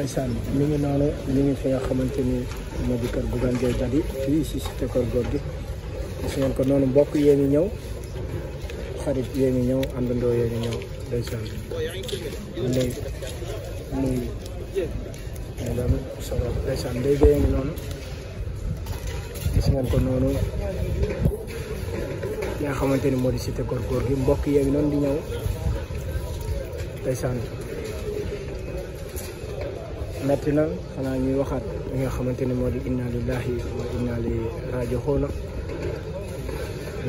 ndeysaan mu ngi noonu mi ngi fi nga xamante ni moo di kër Bougane Gueye Dany fii si cité Keur Gorgui gis ko noonu mbokk yee ñu ñëw xarit yee ñëw àndandoo yee ñu ñëw ndeysaan ndey muy mu doon solo ko noonu nga xamante ni moo di cité Keur Gorgui mbokk yee ñu noonu di ñëw ndeysaan metti na xanaa ñuy waxaat mi nga xamante ni moo di inna lillahi wa inna ilayhi raji'un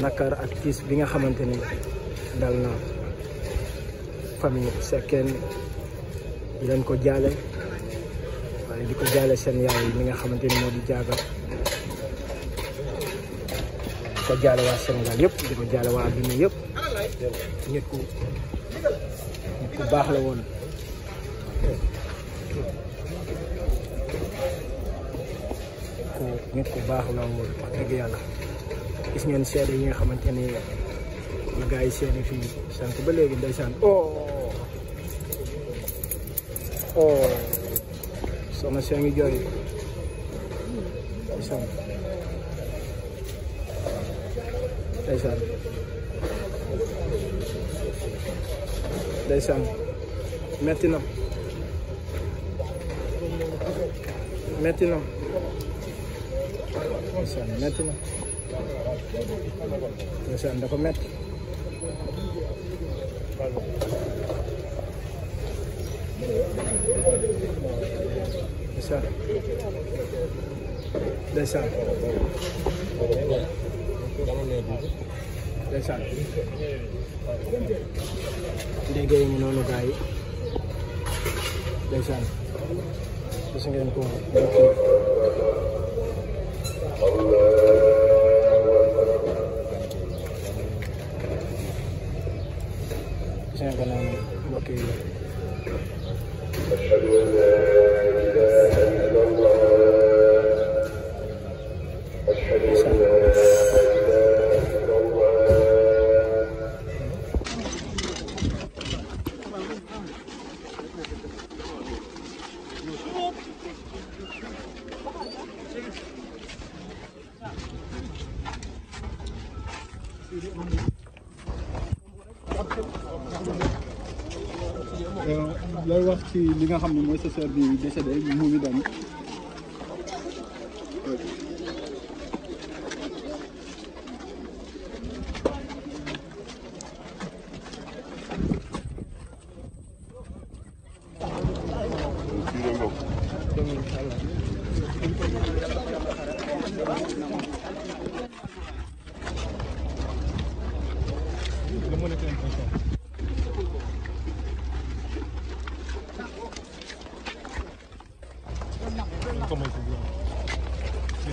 nakar ak kiis bi nga xamante ni dal na famille Sekeen di leen ko jaale waaye di ko jaale seen yaay mi nga xamante ni moo di jaaga di ko jaale waa Sénégal yëpp di ko jaale waa adduna yëpp nit baax la woon nit ku baax la woon wax dëgg yàlla gis ngeen seede yi nga xamante ni la gars seede fii sànq ba léegi ndeysaan oh oh soxna seen ngi jooy ndeysaan ndeysaan ndeysaan metti na metti na ndeysaan metti na ndeysaan dafa metti ndeysaan ndeysaan ndeysaan ndege yi noonu gaa yi ndeysaan gis ngeen ko sëñ bi naan mbokk yi nga xam ne mooy sa sœur bi décédé mu ngi dem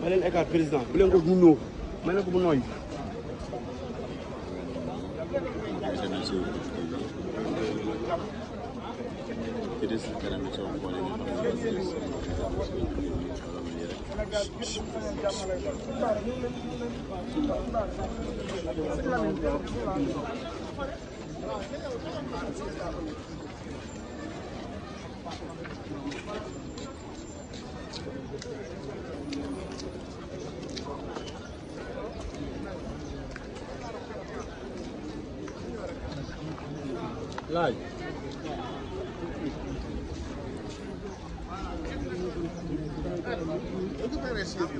ma leen écart président bu leen ko mu nóo ma leen ko mu nooy laaj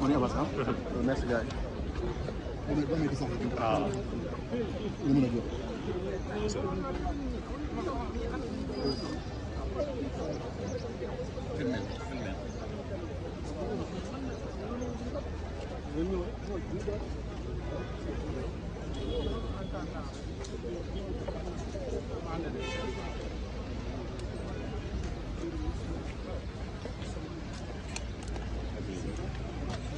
On y avance, hein Merci, gars. Ah. Thank you.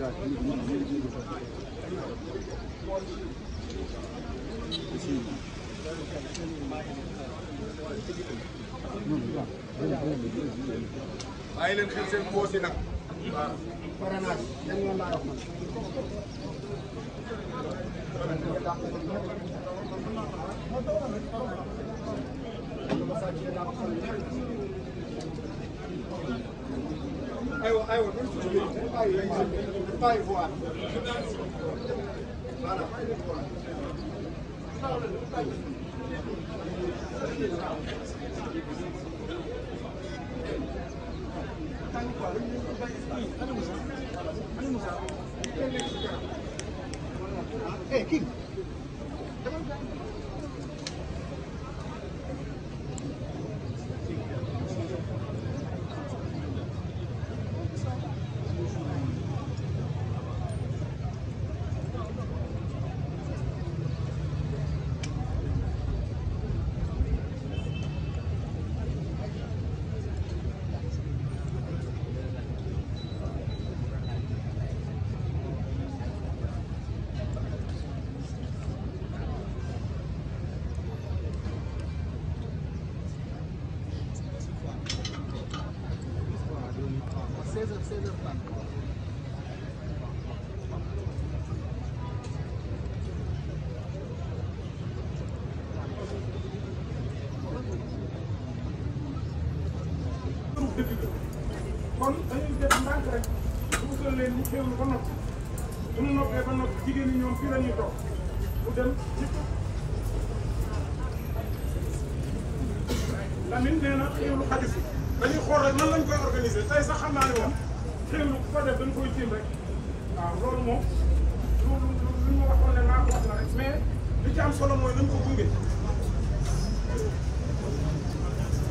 bàyyi leen xel seen poos yi nag. waaw. parrainage dañ ma laa wax man. Thank you. hayvan ürkütücüydü. Hayvan izin Hayvan bu an. Bana hayvan bu an. Hey, King. Come on, come on. député kon dañuy def ndànk rek duusal leen ñu xéwlu ba noppi bu ñu noppee ba noppi jigéen ñi ñoom fii la ñuy toog dem Lamine nee na xéwlu dañuy xool rek nan lañ koy organiser tey sax xam ne moom xéwlu ku ko def dañ koy tiim rek waaw loolu moom loolu lu ñu waxoon ne naa ko wax na rek mais li ci am solo mooy dañ ko gunge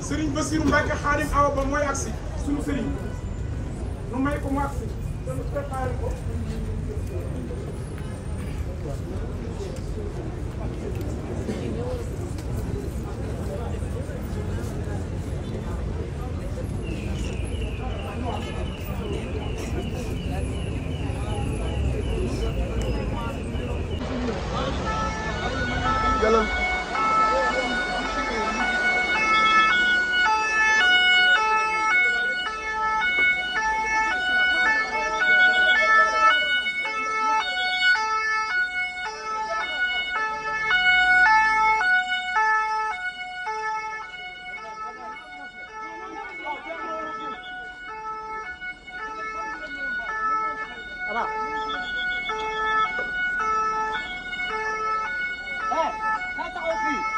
Serigne Bassirou Mbacke Xaadim Awa Ba mooy agsi suñu Serigne nu may ko mu agsi dañu préparé ko Yàlla Apa? Eh, kata Opie.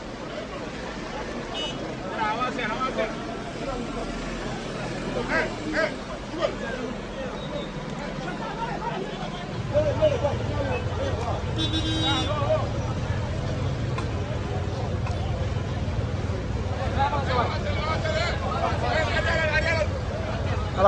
好吧。